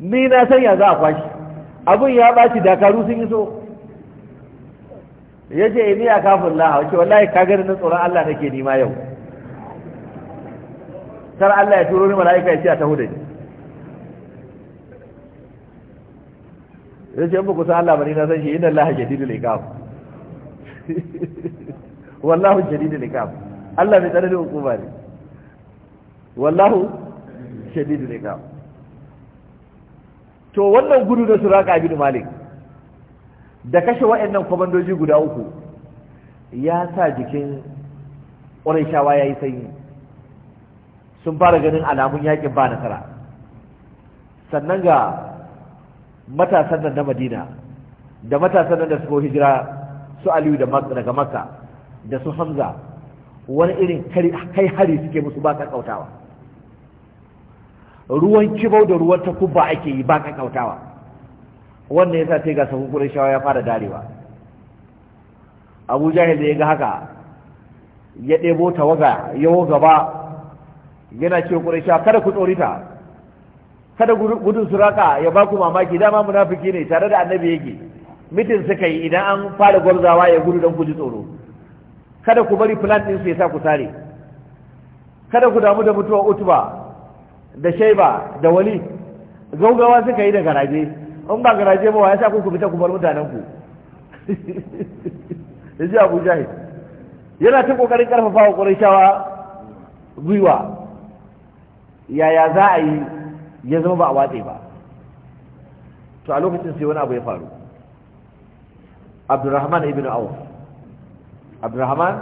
ni na sanya za a kwashi abin ya ɓaci dakaru sun yi so ya ce eh, ni a kafin laha wace wallahi ka gani na tsoron Allah nake nima yau kar Allah ya turo ni mala'ika ya ce a taho da ni ya ce ba ku san Allah bane na san shi yi Allah jadidul iqab wallahu jadidul iqab Allah mai tsare hukuma ne wallahu to wannan gudu da suraka bin malik da kashe waɗannan kwamandoji guda uku ya sa jikin ƙurayshawa ya yi sanyi sun fara ganin alamun yakin ba nasara sannan ga matasan nan na madina da matasan nan da suka hijira su aliyu daga makka da su hamza wani irin kai hari suke musu ba kautawa ruwan kibau da ruwan ta kubba ake yi ba ka kautawa wannan yasa sai ga sahun shawa ya fara darewa Abu Jahil da ya ga haka ya ɗebo tawaga yawo gaba yana ce shawa kada ku tsorita kada gudun suraka ya baku ku mamaki dama munafiki ne tare da annabi yake mitin suka yi idan an fara gwarzawa ya gudu don ku ji tsoro kada ku bari plan su ya sa ku sare kada ku damu da mutuwa utuba da shaiba da wali gaugawa suka yi da garaje in ba garaje ba wa ya sa ku fita ku bar mutanen ku da ji abu jahi yana ta kokarin karfafa wa ƙurashawa gwiwa yaya za a yi ya zama ba a watse ba to a lokacin sai wani abu ya faru abdurrahman ibn auf abdurrahman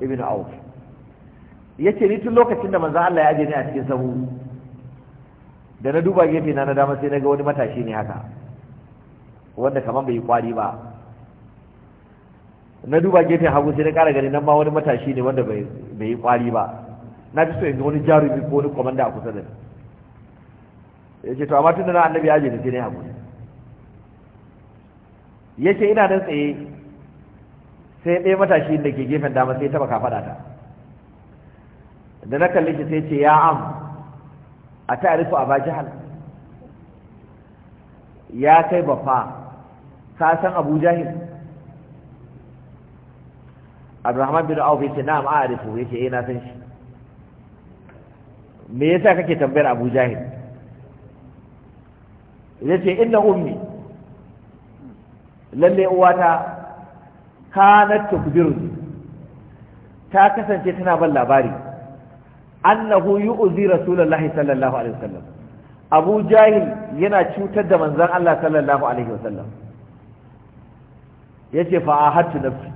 ibn auf yace ni tun lokacin da manzan Allah ya je ni a cikin sahu da na duba gefe na na dama sai na ga wani matashi ne haka wanda kaman bai yi kwari ba na duba gefe hagu sai na kara gani nan ma wani matashi ne wanda bai yi kwari ba na fi so in ga wani jarumi ko wani komanda a kusa da ni ya ce to amma tun da na annabi aje ni sai na yi hagu ya ce ina nan tsaye sai ɗaya matashi da ke gefen dama sai taba kafaɗa ta da na kalli shi sai ce ya am a ta'arifu a bajihal ya kai bafa ka san abu jahil abdurrahman bin auf yace na'am a'rifu yace eh na san shi me yasa kake tambayar abu jahil yace inna ummi lalle uwata kanat tukbiru ta kasance tana ban labari annahu yu'zi rasulullahi sallallahu alaihi wasallam abu jahil yana cutar da manzon Allah sallallahu alaihi wasallam yace fa ahadtu nafsi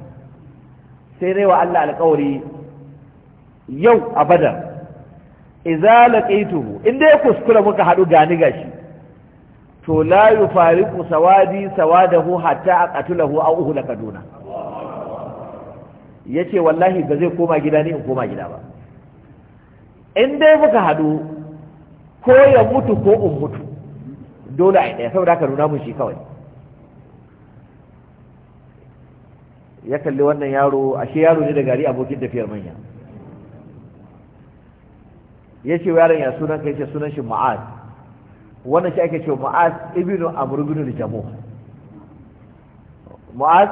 sai dai wa Allah alƙawari yau a idza laqaituhu inda ya kuskura muka hadu gani gashi to la yufariqu sawadi sawadahu hatta aqatulahu aw uhlaka duna yace wallahi ba zai koma gida ne in koma gida ba in dai muka hadu ko ya mutu ko in mutu dole a ɗaya saboda haka nuna mun shi kawai ya kalli wannan yaro ashe yaro ne da gari abokin tafiyar manya ya ce yaron ya sunan ka ce sunan shi ma'ad wannan shi ake ce ma'ad Ibinu, amr da jamo ma'ad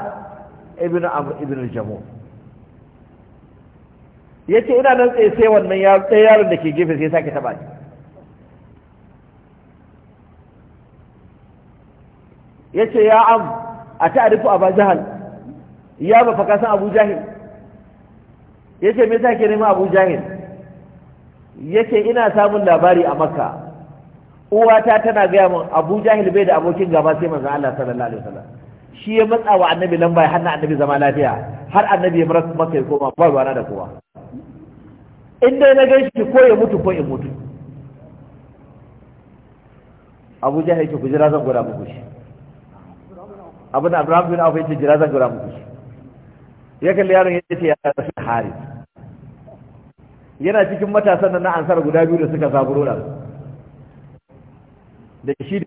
Ibinu, amr da jamo ya ce ina nan tsaye sai wannan yaron da ke gefe sai sake taba shi ya ce ya am a a abu jahal ya ba faka san abu jahil ya ce me sake nema abu jahil ya ce ina samun labari a makka uwata tana gaya min abu jahil bai da abokin gaba sai manzo Allah sallallahu alaihi wasallam shi ya matsa wa annabi lamba ya annabi zama lafiya har annabi ya maras maka ya koma ba bana da kowa in dai na gaishe ko ya mutu ko in mutu abu jahil yake ku jira zan gura muku shi abin abraham bin abu yake jira zan gura muku shi ya kalli yaron ce ya rasu haris yana cikin matasan nan na ansar guda biyu da suka zaburo da da shi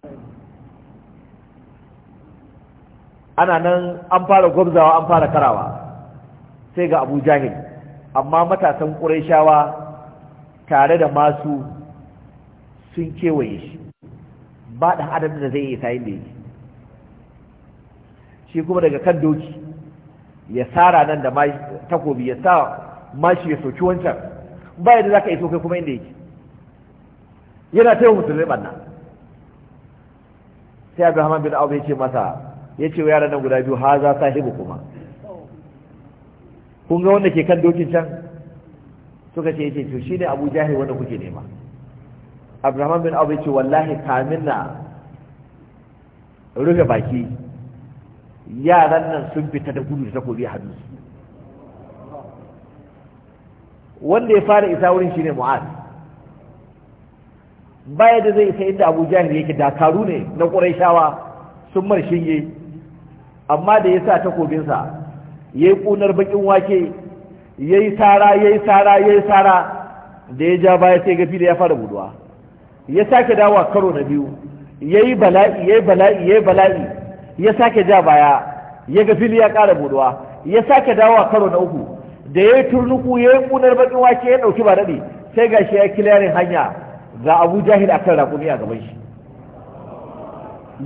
ana nan an fara gwabzawa an fara karawa sai ga abu jahil amma matasan ƙuraishawa tare da masu sun kewaye shi ba ɗan adam da zai yi sayin da yake shi kuma daga kan doki ya sara nan da takobi ya sa mashi ya soki wancan ba yadda za ka iso kai kuma inda yake yana ta yi musulmi ɓanna sai abu hamad bin abu ya ce masa ya ce wa yaran nan guda biyu ha za sahibu kuma kun ga wanda ke kan dokin can suka ce yace to shi ne Abu Jahil wanda kuke nema Abdurrahman bin abu ce wallahi kamin na rufe baki yaran nan sun fita da gudu da takobi a hannunsu wanda ya fara isa wurin ne Mu'az baya da zai isa inda Abu Jahil yake dakaru ne na shawa, sun shinge. amma da ya sa takobinsa ya yi ƙunar baƙin wake ya yi tara ya yi tara ya yi tara da ya ja baya sai gafi da ya fara buduwa ya sake dawa karo na biyu ya yi bala'i ya yi bala'i ya yi bala'i ya sake ja baya ya gafi ya ƙara buduwa ya sake dawa karo na uku da ya yi turnuku ya yi ƙunar baƙin wake ya ɗauki ba daɗi sai ga shi ya kilarin hanya ga abu jahil a kan raƙumi a gaban shi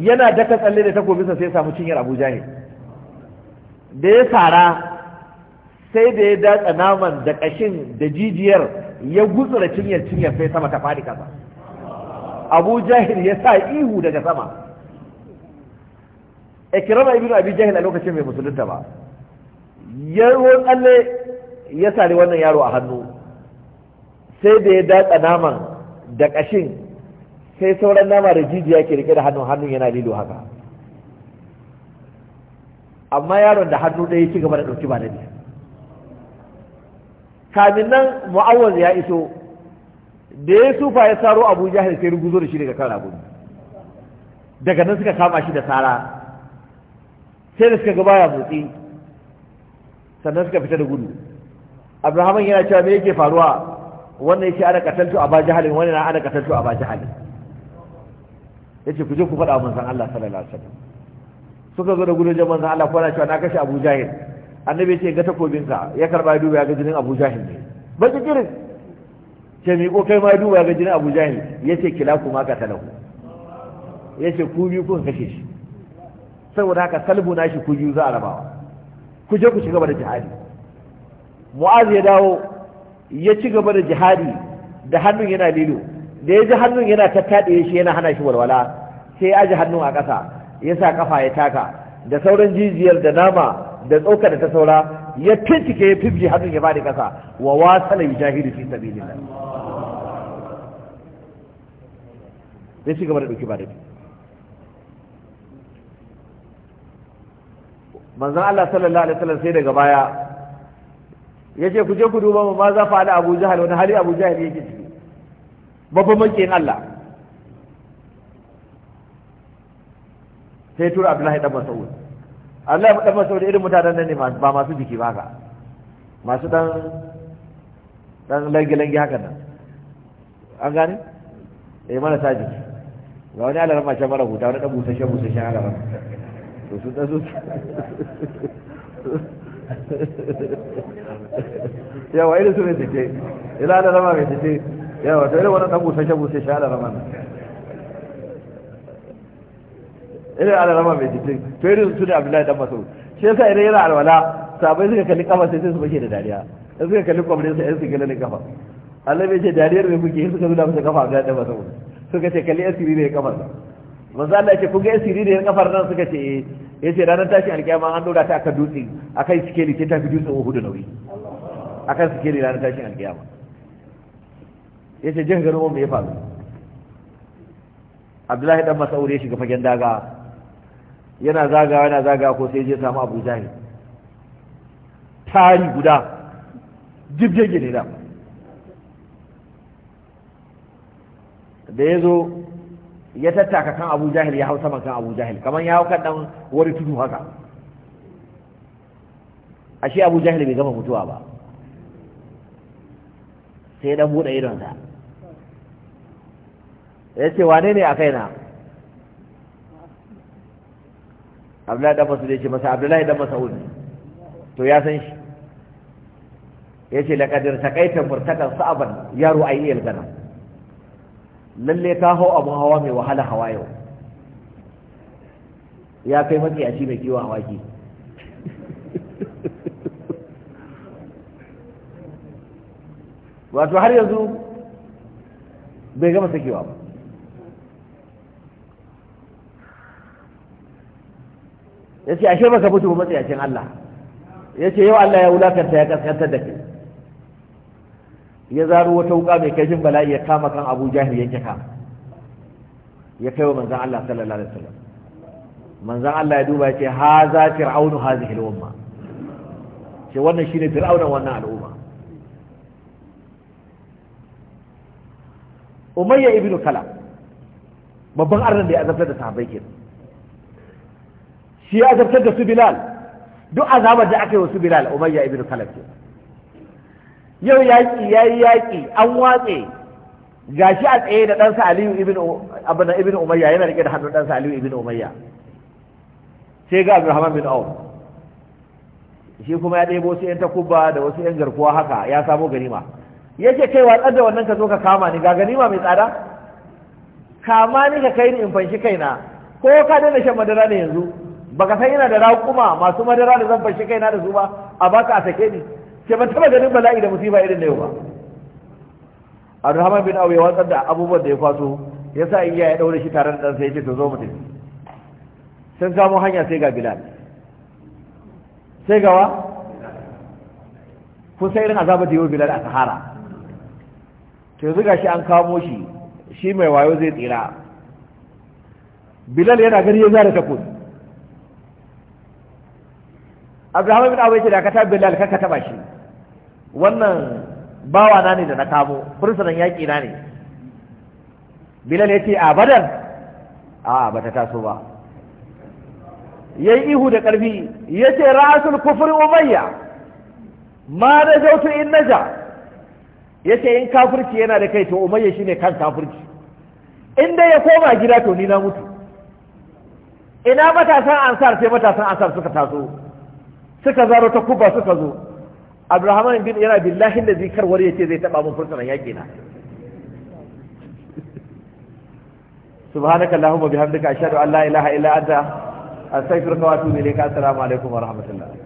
yana daka tsalle da takobinsa sai ya samu cinyar abu jahil da ya fara sai da ya datsa naman da ƙashin da jijiyar ya gutsura cinyar cinyar sai sama ta faɗi kasa. abu jahil ya sa ihu daga sama ikirama ibnu abi jahil a lokacin mai musulunta ba ya tsalle ya sari wannan yaro a hannu sai da ya datsa naman da ƙashin sai sauran nama da jijiya ke rike da hannun hannun yana lilo haka amma yaron da hannu ɗaya ci gaba da ɗauki ba da ne kamin nan mu'awwaz ya iso da ya sufa ya saro abu jahil sai ruguzo da shi daga kan rabu daga nan suka kama shi da sara sai da suka gaba ya motsi sannan suka fita da gudu abrahaman yana cewa me yake faruwa wannan yake ana katantu a ba wani wannan ana katantu a ba halin yace ku je ku faɗa mun san Allah sallallahu alaihi wasallam suka zo da gudun jaman Allah kwana cewa na kashe Abu Jahil annabi ce ga takobin ka ya karba duba ya ga jinin Abu Jahil ne ki kirin ce mi ko kai ma duba ya ga jinin Abu Jahil yace kila ma ka talahu yace ku bi kun kashe shi saboda haka salbu na shi ku ji za a rabawa ku je ku ci gaba da jihadi mu'az ya dawo ya ci gaba da jihadi da hannun yana lilo da ya ji hannun yana tattaɗe shi yana hana shi walwala sai ya aji hannun a ƙasa ya sa kafa ya taka da sauran jijiyar da nama da tsoka da ta saura ya fitike ya fifje hannun ya bada kasa wa wasala yujahidu fi ne sai shi gaba da ɗauki ba da manzan Allah sallallahu alaihi wasallam sai daga baya Ya ce ku je ku duba ma za fa ala Abu Jahal wani hali Abu Jahal yake ciki babban makiyin Allah sai tura abdullahi dan mas'ud abdullahi dan mas'ud irin mutanen nan ne ba masu jiki ba ka masu dan dan langi-langi haka nan an gani eh marasa jiki ga wani alaran mace mara huta wani dan busashe busashe ba to su dan su yawa irin su ne suke ila alaran mai suke yawa to irin wani dan busashe busashe alaran irin alarama mai jikin to irin su ne abu dan masu shi yasa idan yana alwala sabai suka kalli kafa sai sai su bace da dariya in suka kalli kwamfani sai yan su gina kafa Allah bai ce dariyar mai kuke suka nuna masa kafa ga dan masu suka ce kalli asiri ne kafa nan manzo Allah ce kun ga asiri ne kafar nan suka ce eh. ya ce ranar tashi alƙiyama an dora ta aka dutse akan sikeli ce ta fi dutsen Uhud nauyi akan sikeli ranar tashi alkiyama ya ce jin garin mu ya faru Abdullahi dan Mas'ud ya shiga fagen daga yana zagawa yana zagawa ko sai je samu abu jahil tari guda jibje ne da da ya zo ya tattaka kan abu jahil ya hau saman kan abu jahil kamar ya hau kan dan wani tudu haka ashe abu jahil bai gama mutuwa ba sai dan buɗe idonsa ya ce wane ne a kaina abdullahi dan mas'ud ce, masa abdullahi dan mas'ud to ya san shi yace laqadir taqaita murtakan sa'aban ya ru'ayyal ganam lalle ta hau abu hawa mai wahala hawa yau ya kai matsi a shi mai kiwon awaki wato har yanzu bai gama sakewa ba ya ce ashe baka mutu ba matsayacin Allah ya ce yau Allah ya wulakanta ya kaskantar da ke, ya zaro wata wuka mai kashin bala'i ya kama kan Abu Jahil yanke ka ya kai wa manzan Allah sallallahu alaihi wasallam manzan Allah ya duba ya ce haza fir'aunu zai al ma ce wannan shine fir'aunan wannan al'umma umayya ibnu kala babban arnan da ya azabta da sahabbai kenan shi ya zartar da su bilal duk azabar da aka yi wa su bilal umayya ibn khalaf yau yaƙi yayi yaƙi an watse gashi a tsaye da ɗansa aliyu ibn abana ibn umayya yana rike da hannun ɗansa aliyu ibn umayya sai ga abdurrahman bin auf shi kuma ya ɗebo su 'yan takuba da wasu 'yan garkuwa haka ya samo ganima yake kai watsar da wannan ka zo ka kama ni ga ganima mai tsada kama ni ka kai ni in fanshi kaina ko ka daina shan madara ne yanzu baka san yana da raƙuma masu madara da zan fashe kaina da su ba a baka a sake ni ke ban taba ganin bala'i da musiba irin da yau ba Abdulrahman bin Awf ya watsar da abubuwan da ya faso ya sa iya ya daure shi tare da ɗansa ya ce to zo mu tafi sun samo hanya sai ga Bilal sai gawa kun sai irin azabar da yau Bilal a Sahara to yanzu shi an kamo shi shi mai wayo zai tsira Bilal yana gari ya zara takobi abraham bin abu yace da ka ta bilal ka taba shi wannan bawa na ne da na kamo fursunan yaƙi na ne bilal ya ce a badar a ba ta taso ba ya yi ihu da ƙarfi ya ce ra'asul kufur umayya ma na zautu in naja ya ce in kafirci yana da kai to umayya shine kan kafirci in dai ya koma gida to ni na mutu ina matasan ansar sai matasan ansar suka taso suka zaro ta kuba suka zo abdurrahman bin yana billahi da zikar wani ya ce zai taba mun fursunan yaƙi na subhanaka allahumma bihamdika ashhadu an la ilaha illa anta astaghfiruka wa atubu ilayka assalamu alaikum wa rahmatullah